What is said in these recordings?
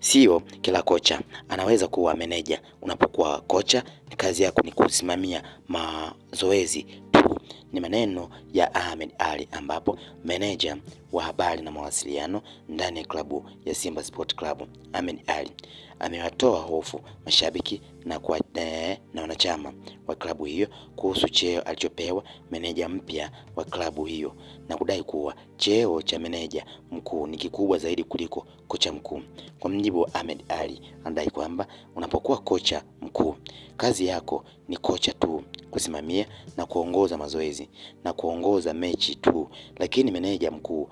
Sio kila kocha anaweza kuwa meneja. Unapokuwa kocha, ni kazi yako ni kusimamia mazoezi tu. Ni maneno ya Ahmed Ally, ambapo meneja wa habari na mawasiliano ndani ya klabu ya Simba Sport Club Ahmed Ally amewatoa hofu mashabiki na, kwa, eh, na wanachama wa klabu hiyo kuhusu cheo alichopewa meneja mpya wa klabu hiyo na kudai kuwa cheo cha meneja mkuu ni kikubwa zaidi kuliko kocha mkuu. Kwa mjibu wa Ahmed Ally, anadai kwamba unapokuwa kocha mkuu, kazi yako ni kocha tu, kusimamia na kuongoza mazoezi na kuongoza mechi tu, lakini meneja mkuu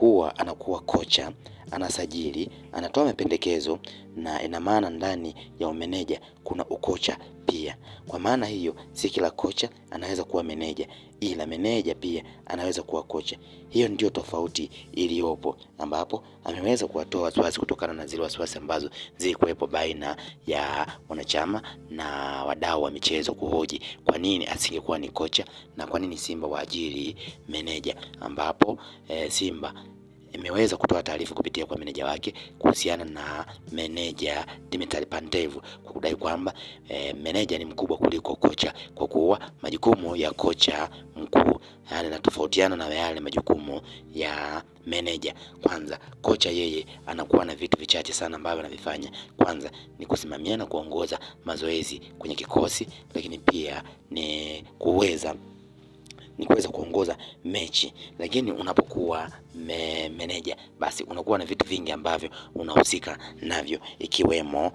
huwa anakuwa kocha, anasajili, anatoa mapendekezo, na ina maana ndani ya umeneja kuna ukocha pia. Kwa maana hiyo, si kila kocha anaweza kuwa meneja, ila meneja pia anaweza kuwa kocha. Hiyo ndiyo tofauti iliyopo, ambapo ameweza kuwatoa wasiwasi kutokana na zile wasiwasi ambazo zilikuwepo baina ya wanachama na wadau wa michezo kuhoji kwa nini asingekuwa ni kocha na kwa nini Simba waajiri meneja, ambapo e, Simba imeweza kutoa taarifa kupitia kwa meneja wake kuhusiana na meneja Dimitar Pantev kwa kudai kwamba e, meneja ni mkubwa kuliko kocha kwa kuwa majukumu ya kocha mkuu yanatofautiana na yale majukumu ya meneja. Kwanza kocha yeye anakuwa na vitu vichache sana ambavyo anavifanya. Kwanza ni kusimamia na kuongoza mazoezi kwenye kikosi, lakini pia ni kuweza ni kuweza kuongoza mechi, lakini unapokuwa me meneja, basi unakuwa na vitu vingi ambavyo unahusika navyo, ikiwemo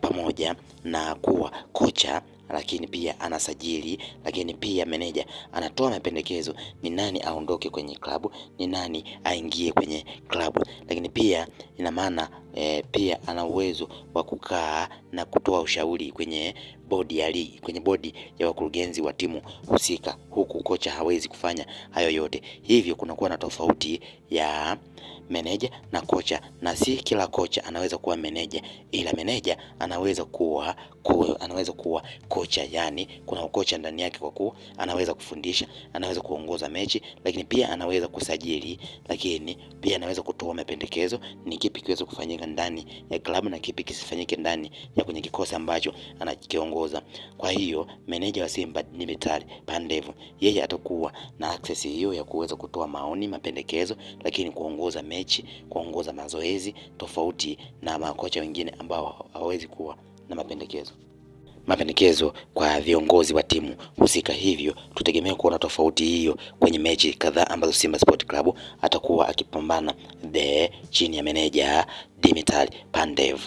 pamoja na kuwa kocha lakini pia anasajili, lakini pia meneja anatoa mapendekezo ni nani aondoke kwenye klabu, ni nani aingie kwenye klabu, lakini pia ina maana e, pia ana uwezo wa kukaa na kutoa ushauri kwenye bodi ya ligi, kwenye bodi ya wakurugenzi wa timu husika, huku kocha hawezi kufanya hayo yote. Hivyo kunakuwa na tofauti ya meneja na kocha, na si kila kocha anaweza kuwa meneja, ila meneja anaweza kuwa, kuwa, anaweza kuwa kocha kocha, yani kuna ukocha ndani yake, kwa kuwa anaweza kufundisha, anaweza kuongoza mechi, lakini pia anaweza kusajili, lakini pia anaweza kutoa mapendekezo, ni kipi kiweze kufanyika ndani ya klabu na kipi kisifanyike ndani ya kwenye kikosi ambacho anakiongoza. Kwa hiyo meneja wa Simba Dimitar Pandevu, yeye atakuwa na access hiyo ya kuweza kutoa maoni, mapendekezo, lakini kuongoza mechi, kuongoza mazoezi, tofauti na makocha wengine ambao hawawezi kuwa na mapendekezo mapendekezo kwa viongozi wa timu husika, hivyo tutegemea kuona tofauti hiyo kwenye mechi kadhaa ambazo Simba Sport Club atakuwa akipambana the chini ya meneja Dimitar Pandev.